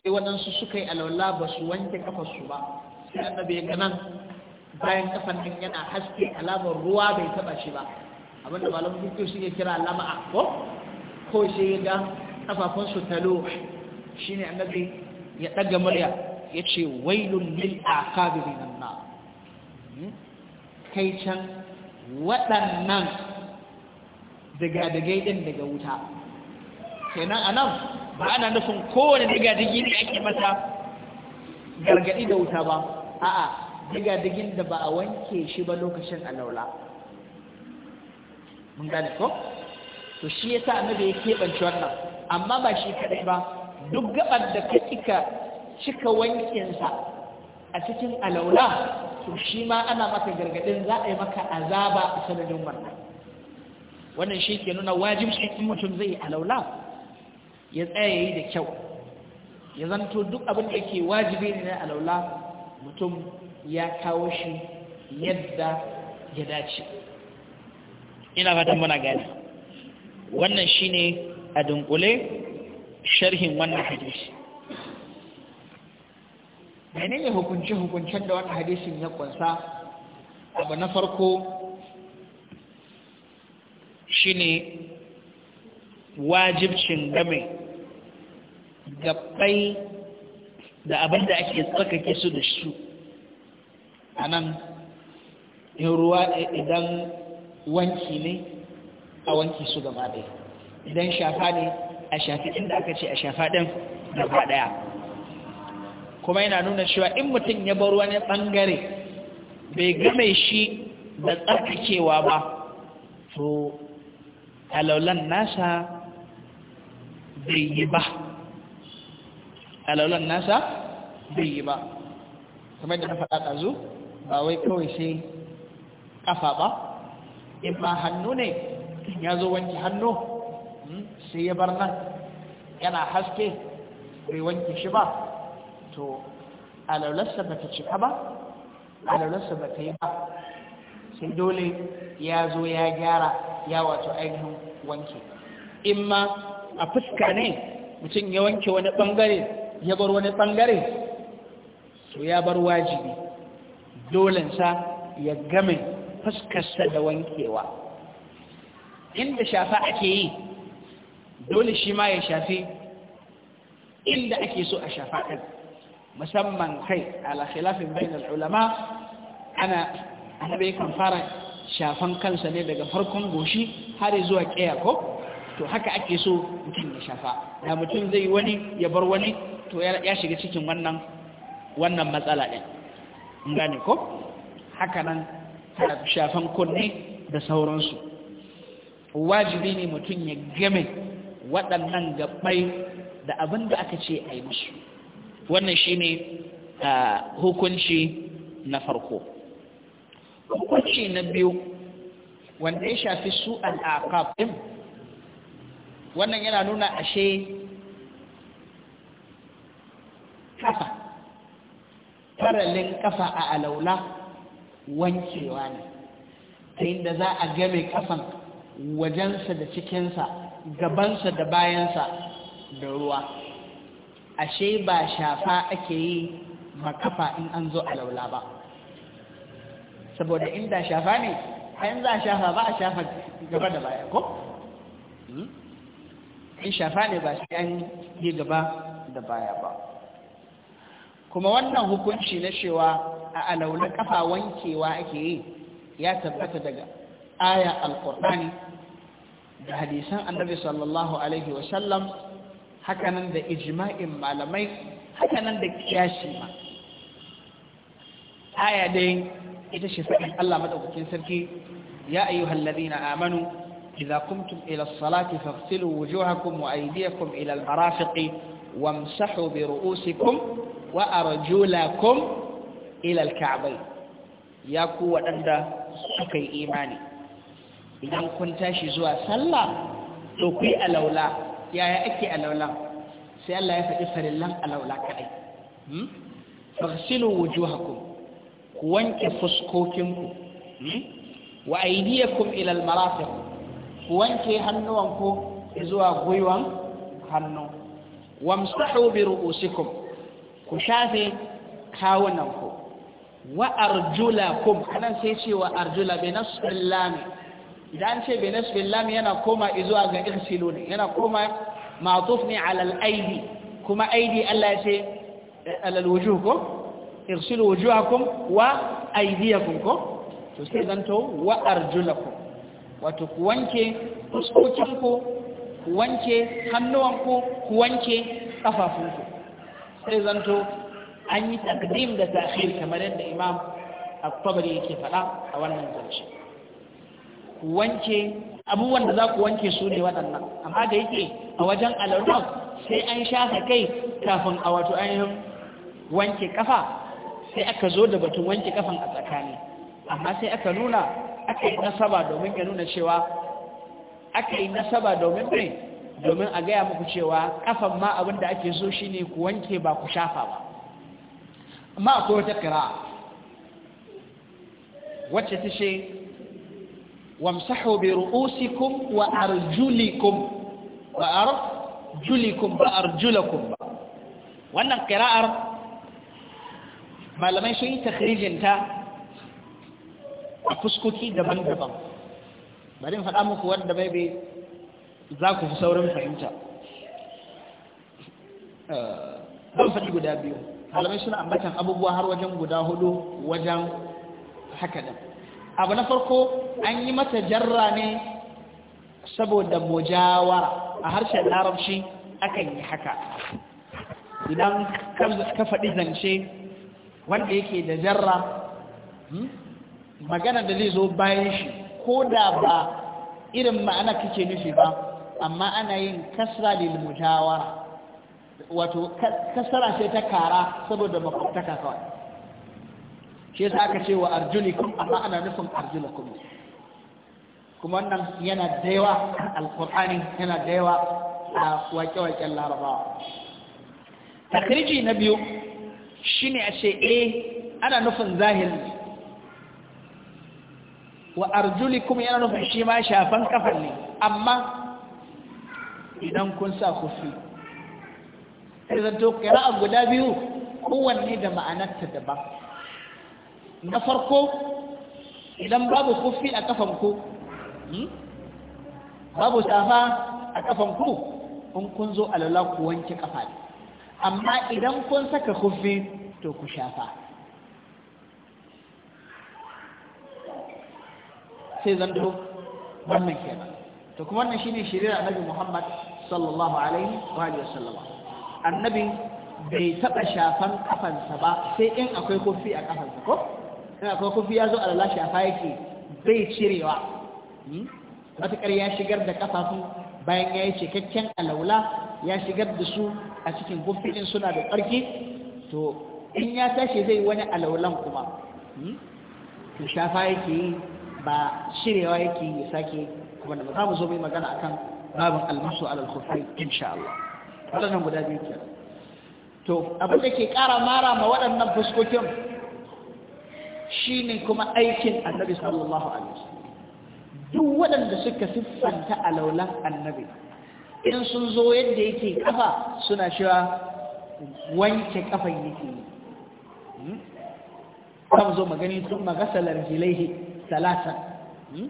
sai waɗansu suka yi alaula ba su wanke kafarsu ba sai annabi ya ganan bayan kafan nan yana haske alamar ruwa bai taɓa shi ba abinda malamin duk suke yi kira lama'a ko ko sai ya ga kafafunsu talo shine annabi ya ɗaga murya ya ce wailun lil aqabi minan na? Hmm? kai can waɗannan diga-digai ɗin daga wuta kenan a nan ba ana nufin kowane digi ne ake masa gargaɗi da wuta ba a'a diga-digin da ba a wanke shi ba lokacin alaula mun gane ko to shi yasa annabi ya keɓance wannan amma ba shi kaɗai ba duk gaɓar da ka kika cika wankinsa a cikin alaula to shi ma ana maka gargadin za a yi maka azaba a sanadin wannan wannan shi ke nuna wajib shi in mutum zai alaula ya tsaya yi da kyau ya zanto duk abin da ke wajibi ne na alaula mutum ya kawo shi yadda ya dace ina fatan muna gani wannan shi ne a dunkule sharhin wannan hadisi menene hukunci hukuncen da wannan hadisin ya kunsa abu na farko shi ne wajibcin game gabbai da abin da ake tsakake su da su a nan in ruwa idan wanki ne a wanke su gaba ɗaya idan shafa ne a shafi inda aka ce a shafa ɗin gaba ɗaya kuma yana nuna cewa in mutum ya bar wani ɓangare bai game shi da tsarkakewa ba to alaulan nasa bai yi ba alaulan nasa bai yi ba kuma yadda na faɗa ɗazu ba wai kawai sai ƙafa ba in ba hannu ne mutum ya zo wanke hannu hmm, sai ya bar nan yana haske bai wanke shi ba to laularsa ba ta cika ba laularsa ba ta yi ba sai dole ya zo ya gyara ya wato ainihin wanke in ma a fuska ne mutum ya wanke wani bangare ya bar wani bangare to ya bar wajibi dolensa ya game fuskarsa da wankewa inda shafa ake yi dole shi ma ya shafi inda ake so a shafa ɗin musamman kai ala khilafin bainal ulama ana annabi kan fara shafan kansa ne daga farkon goshi har zuwa kiya ko to haka ake so mutum ya shafa da mutum zai wani ya bar wani to ya shiga cikin wannan wannan matsala ɗin gane ko haka nan shafan kunne da sauransu wajibi ne mutum ya game waɗannan gabai da abin da aka ce a yi musu wannan shi ne hukunci na farko hukunci na biyu wanda ya shafi su ɗin wannan yana nuna ashe kafa faralin kafa a alaula wankewa ne ta da za a game kafan wajensa da cikinsa gabansa da bayansa da ruwa ashe ba shafa ake yi makafa in an zo alaula ba saboda inda shafa ne ayin za a shafa ba a shafa gaba da baya ko? Hmm? in shafa ne ba sai an yi gaba da baya ba kuma wannan hukunci na cewa a alaula kafa wankewa ake yi ya tabbata daga aya alkur'ani da hadisan annabi sallallahu alaihi hakanan da ijma'in malamai hakanan da kiyashi ma aya dai ita shi faɗin Allah madaukakin sarki ya ayyuhal ladina amanu idza kumtum ila as-salati faghsilu wujuhakum wa aydiyakum ila al-marafiqi wamsahu bi ru'usikum wa arjulakum ila al-ka'bayn ya ku waɗanda suka yi imani idan kun tashi zuwa sallah to ku yi alaula yaya ake alaula sai Allah ya faɗi farillan alaula kaɗai hmm? fagsilu wujuhakum ku wanke fuskokinku hmm? wa aydiyakum ilal almarafiq ku wanke hannuwanku zuwa gwiwan hannu wamsahu bi ru'usikum ku shafe kawunanku wa arjulakum anan sai ce wa arjula bi nasr lami idan ce bi nasbi lam yana koma zuwa ga irsilu ne yana koma ma'tuf ne ala aidi kuma aidi Allah ya ce ala al-wujuh ko irsilu wujuhakum wa aydiyakum ko to sai zanto wa arjulakum wato ku wanke fuskokinku ku wanke hannuwanku ku wanke kafafunku sai to an yi takdim da ta'khir kamar yadda imam at-tabari yake faɗa a wannan zance ku wanke abubuwan da za ku wanke su ne waɗannan amma da yake a wajen alarwar sai an shafa kai kafin a wato ainihin wanke kafa sai aka zo da batun wanke kafan a tsakani amma sai aka nuna aka yi nasaba domin ya nuna cewa aka yi nasaba domin ne domin a gaya muku cewa kafan ma abin da ake so shi ne ku wanke ba ku shafa ba amma akwai wata kira wacce ta ce wamsahu bi ru'usikum wa arjulikum ba arjulikum ba arjulakum ba wannan qira'ar malamai sun yi takhrijinta a fuskoki daban-daban bari faɗa muku wanda bai bai za ku fi saurin fahimta don faɗi guda biyu malamai suna ambatan abubuwa har wajen guda hudu wajen haka ɗin abu na farko an yi mata jarra ne saboda mujawara a harshen larabci akan yi haka idan ka faɗi zance wanda yake da jarra hmm, magana da zai zo bayan shi ko da ba irin ma'ana kake nufi ba amma ana yin kasra lil mujawara wato kasara ce ta kara saboda makwabta kawai shi yasa aka ce wa arjulikum amma ana nufin arjulakum kuma wannan yana da yawa alqur'ani yana da yawa a waƙe-waƙen larabawa takriji na biyu shine a ce eh ana nufin zahiri wa arjulikum yana nufin shi ma shafan kafar ne amma idan kun sa kufi sai zanto kira guda biyu kowanne da ma'anarta daban na farko idan babu kufi a kafanku hmm? babu safa a kafanku in kun zo alala ku wanke kafa ne amma idan kun saka kufi to ku shafa sai zanto wannan kenan to kuma wannan shine shirin annabi Muhammad sallallahu alaihi wa alihi annabi bai taba shafan kafansa ba sai in akwai kofi a kafansa ko kana kuma kufi ya zo a lalashi a yake bai cirewa hmm? matuƙar ya shigar da kafafu bayan ya yi cikakken alaula ya shigar da su a cikin gufin suna da ƙarfi. to in ya tashi zai wani alaulan kuma hmm? to shafa yake yi ba cirewa yake yi sake kuma da za mu zo mai magana akan babin almasu alal kofi insha Allah waɗannan guda biyu kenan to abin da ke ƙara mara ma waɗannan fuskokin shine kuma aikin annabi sallallahu alaihi wasallam duk waɗanda suka siffanta alaulan annabi in sun zo yadda yake kafa suna cewa wanke kafan yake yi hmm? kan zo magani sun magasalar jilaihi talata hmm?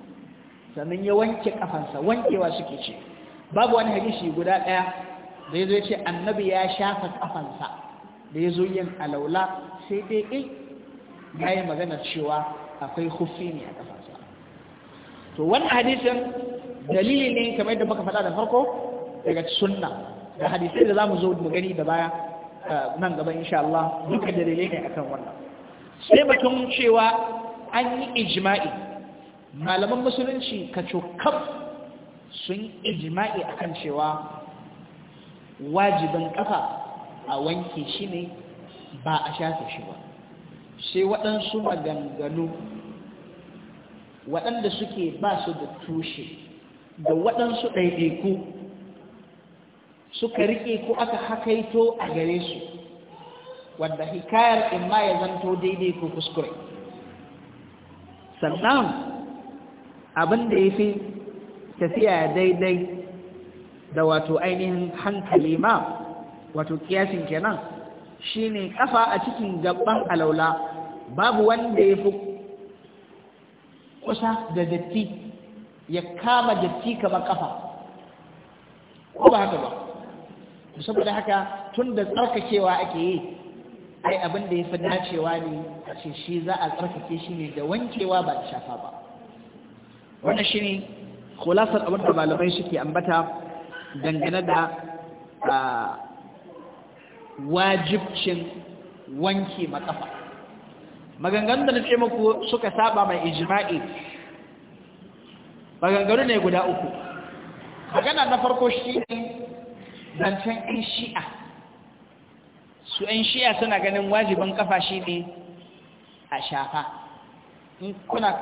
sannan ya wanke kafansa wankewa suke ce babu wani hadisi guda ɗaya da ya zo ya ce annabi ya shafa kafansa da ya zo yin alaula sai dai ya yi magana cewa akwai hufi ne a kafansa to wani hadisin dalili ne kamar yadda muka faɗa da farko daga sunna da hadisai da za mu zo mu gani da baya nan gaba insha Allah duka dalilai ne akan wannan sai batun cewa an yi ijima'i. malaman musulunci kacokaf sun a akan cewa wajibin kafa a wanke shi ne ba a shafe shi ba sai waɗansu maganganu waɗanda suke ba su da tushe da waɗansu ɗaiɗaiku suka riƙe ko aka hakaito a gare su wadda hikayar imma ya zanto daidai ko kuskure sannan abin da ya fi tafiya daidai da wato ainihin hankali ma wato kiyasin kenan Shi ne ƙafa a cikin gaban alaula babu wanda ya fi kusa da datti ya kama datti kamar ƙafa, ko ba haka ba saboda haka tun da tsarkakewa ake yi ai abin da ya fi dacewa ne a ce shi za a tsarkake shi ne da wankewa ba da shafa ba wannan shi ne kulasar abin da malamai ke ambata dangane da ah, wajibcin wanke makafa maganganun da na ce muku suka saba mai ijma'i maganganu ne guda uku magana na farko shi ne zancen 'yan shi'a su 'yan shi'a suna ganin wajibin kafa shi ne a shafa in kuna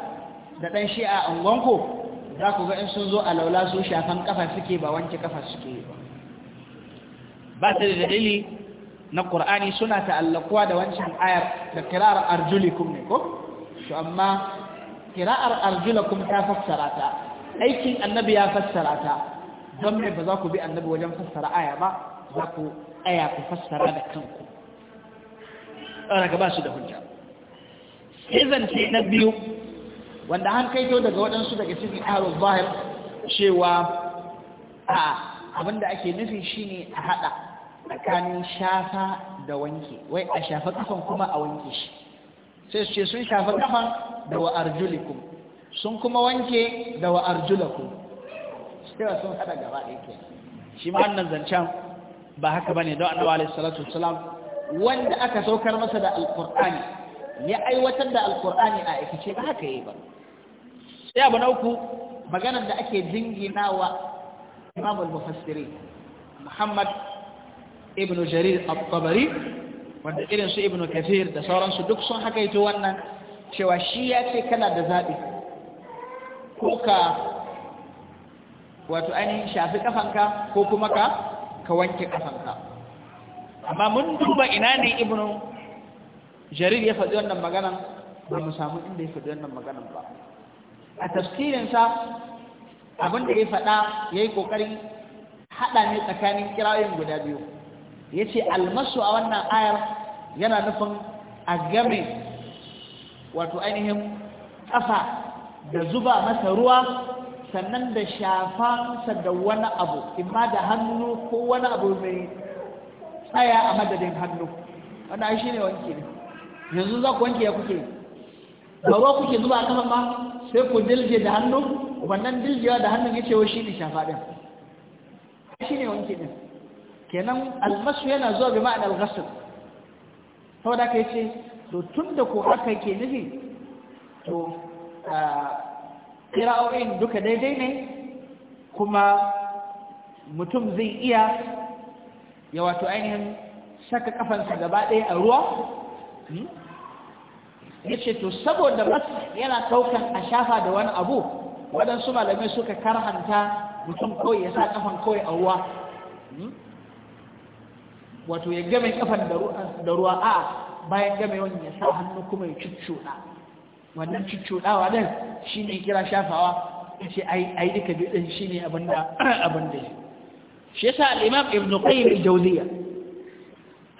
da ɗan shi'a a gwanko za ku ga in sun zo a laula su shafan kafa suke ba wanke kafa suke ba ba ta da dalili na ƙur'ani suna ta'allakuwa da wancan ayar da kira'ar arjulikum ne ko to amma kira'ar arjulakum ta fassara ta aikin annabi ya fassara ta don me ba za ku bi annabi wajen fassara aya ba za ku aya ku fassara da kanku daga ba su da hujja sai zance na biyu wanda an kaito daga waɗansu daga cikin ahlul zahir cewa a abinda ake nufi shine a haɗa. tsakanin shafa da wanke wai a shafa kafan kuma a wanke shi sai su ce sun shafa kafan da wa arjulikum sun kuma wanke da wa arjulakum cewa sun hada gaba ɗaya ke shi ma wannan zancen ba haka bane don annabi alaihi salatu wassalam wanda aka saukar masa da alqur'ani ya aiwatar da alqur'ani a aikace ba haka yayi ba sai abu na uku maganar da ake jinginawa imam al-mufassirin muhammad ibn jarir al-tabari wanda irin su ibn kafir da sauransu duk sun haka ito wannan cewa shi ya ce kana da zaɓi ko ka wato ainihin shafi kafanka ko kuma ka ka wanke kafanka amma mun duba ina ne ibn jarir ya faɗi wannan maganan ba mu samu inda ya faɗi wannan maganan ba a tafsirinsa abinda ya faɗa ya yi ƙoƙarin haɗa ne tsakanin kirayoyin guda biyu ya ce almasu a wannan ayar yana nufin a game wato ainihin ƙasa da zuba masa ruwa sannan da shafansa da wani abu imma da hannu ko wani abu mai tsaya a madadin hannu wanda shi ne wanke ne yanzu za ku wanke ya kuke da ruwa kuke zuba a kafa ma sai ku dilje da hannu wannan diljewa da hannun ya ce wa shi ne shafa ɗin shi ne wanke ɗin kenan almasu yana zuwa bi ma'anar ghasl to da kai ce to tun da ko haka ke nufi to kira'o'in duka daidai ne kuma mutum zai iya ya wato ainihin saka kafansa gaba ɗaya a ruwa hmm? ya ce to saboda mas yana ɗaukar a shafa da wani abu waɗansu malamai suka karhanta mutum kawai ya sa kafan kawai a ruwa hmm? wato ya game kafan da ruwa a bayan game wani ya sa hannu kuma ya cuccuɗa wannan cuccuɗawa ɗin shi ne kira shafawa ya ce a yi duka biɗin shi ne abin da ya shi sa al'imam ibn qayyim jauziya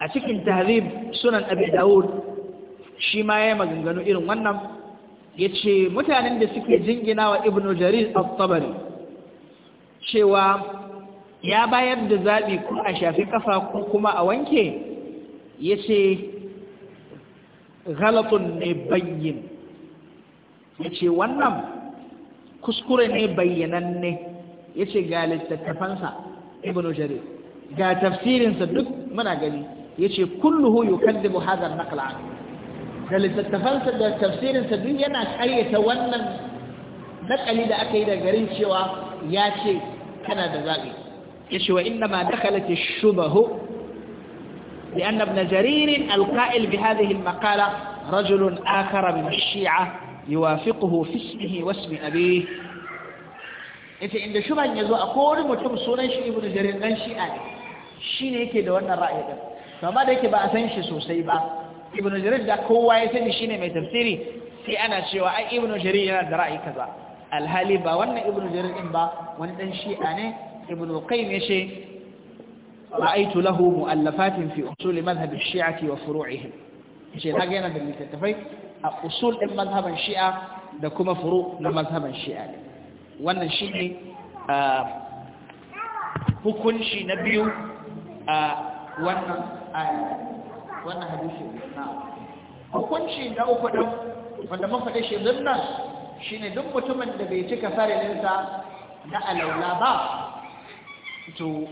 a cikin tahrib sunan abi dawud shi ma ya maganganu irin wannan ya ce mutanen da suke jingina wa ibn jarir al-tabari cewa ya bayar da zaɓi ko a shafi ƙafa ko kuma a wanke ya ce galatun ne bayyin ya ce wannan kuskure ne bayyananne ya ce ga littattafansa ibn jari ga tafsirinsa duk muna gani ya ce kulluhu yukaddibu hadar naqla da littattafansa da tafsirinsa duk yana karyata wannan nakali da aka yi da garin cewa ya ce kana da zaɓi yace wa inna ma dakhalat ash-shubah لأن ابن جرير القائل بهذه المقالة رجل آخر من الشيعة يوافقه في اسمه واسم أبيه yace inda shuban yazo a akwai wani mutum sunan shi ibnu jarir dan shi'a ne shine yake da wannan ra'ayi din to amma da yake ba a san shi sosai ba ibnu jarir da kowa ya sani shine mai tafsiri sai ana cewa ai ibnu jarir yana da ra'ayi alhali ba wannan ibnu ba wani dan shi'a ne ibn al-qayyim yace ra'aytu lahu mu'allafatin fi usul madhhab ash-shi'ati wa furu'ihim yace na ga yana da littattafai a usul din madhhaban shi'a da kuma furu na madhhaban shi'a wannan shine hukunci na biyu a wannan aya wannan hadisi hukunci na uku din wanda mun faɗe shi dinnan shine duk mutumin da bai cika farelinsa na alaula ba to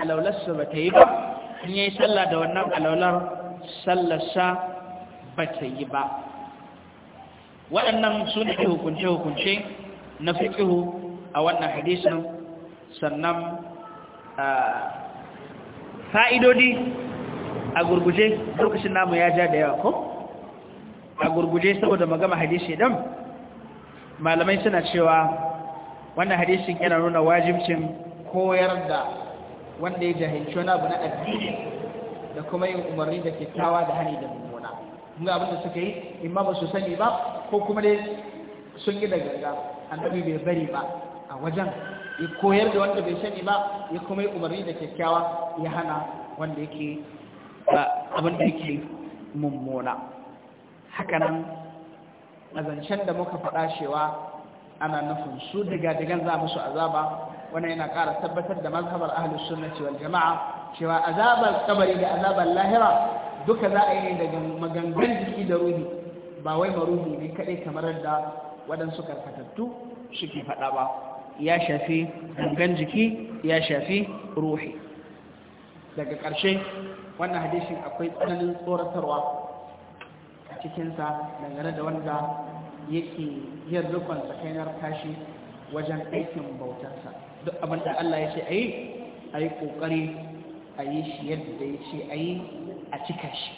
alaularsa ba ta yi ba in yi sallah da wannan alaular sallarsa ba ta yi ba waɗannan su ne hukunce-hukunce na kihu a wannan hadisun sannan fa'idodi a gurguje lokacin namu ya ja da yawa ko a gurguje saboda magama hadisi ɗan malamai suna cewa wannan hadisin yana nuna wajibcin koyar da wanda ya jahilci wani abu na addini da kuma yin umarni da kyakkyawa da hani da mummuna kuma abin da suka yi in ma ba su sani ba ko kuma dai sun yi da ganga annabi bai bari ba a wajen ya koyar da wanda bai sani ba ya kuma yi umarni da kyakkyawa ya hana wanda yake abin da yake mummuna nan a zancen da muka faɗa cewa ana nufin su diga-digan za musu azaba wannan yana ƙara tabbatar da mazhabar ahlus sunnati wal jama'a cewa azabar kabari da azabar lahira duka za a yi ne daga magangan jiki da ruhi ba wai maruhi ne kaɗai kamar da waɗansu karkatattu suke faɗa ba ya shafi gangan jiki ya shafi ruhi daga ƙarshe wannan hadishin akwai tsananin tsoratarwa a cikinsa dangane da wanda yake yin rikon tsakanin kashi wajen aikin bautarsa duk abin da Allah ya ce a yi a yi ƙoƙari a yi shi yadda ya ce a yi a cika shi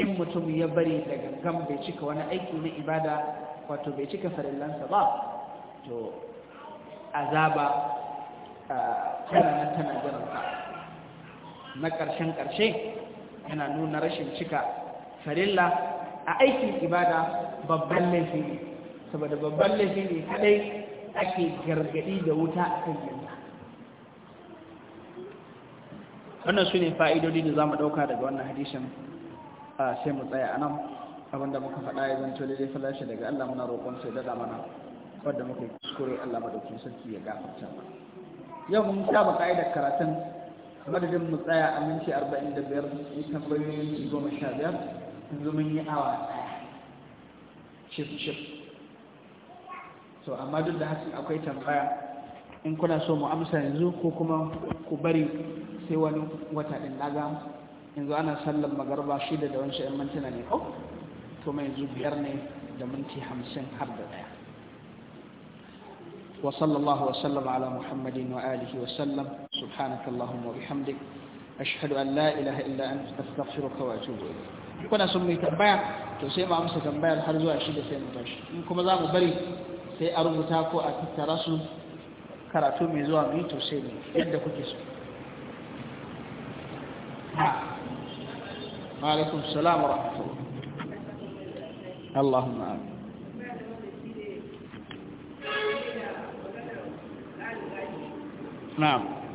in mutum ya bari da gangan bai cika wani aiki na ibada wato bai cika farillansa ba to azaba tana tana jiransa na ƙarshen ƙarshe yana nuna rashin cika farilla a aikin ibada babban laifi ne saboda babban laifi ne kadai ake gargadi da wuta a kan yanzu wannan su ne fa'idodi da za mu ɗauka daga wannan hadishin sai mu tsaya a nan abinda muka faɗa ya zanto daidai falashi daga Allah muna roƙon sai daga mana wadda muka yi kuskure Allah madauki sarki ya gafarta ba yau mun saba da karatun madadin mu tsaya a minti arba'in da biyar yi tambayoyin goma sha biyar yanzu mun yi awa ɗaya cif cif to amma duk da hakan akwai tambaya in kuna so mu amsa yanzu ko kuma ku bari sai wani wata din naga yanzu ana sallar magarba shida da wancan 'yan mintuna ne ko kuma yanzu biyar ne da minti hamsin har da daya وصلى الله وسلم على wa sallam Subhanaka سبحانك اللهم وبحمدك أشهد أن لا إله إلا أنت أستغفرك وأتوب إليك kuna sun mai tambaya to sai ba amsa tambayar har zuwa shi da sai mu tashi in kuma za mu bari sai a rubuta ko a tattara su karatu mai zuwa mai to sai ne yadda kuke so ma'alaikun salam wa rahmatullahi Allahumma amin na'am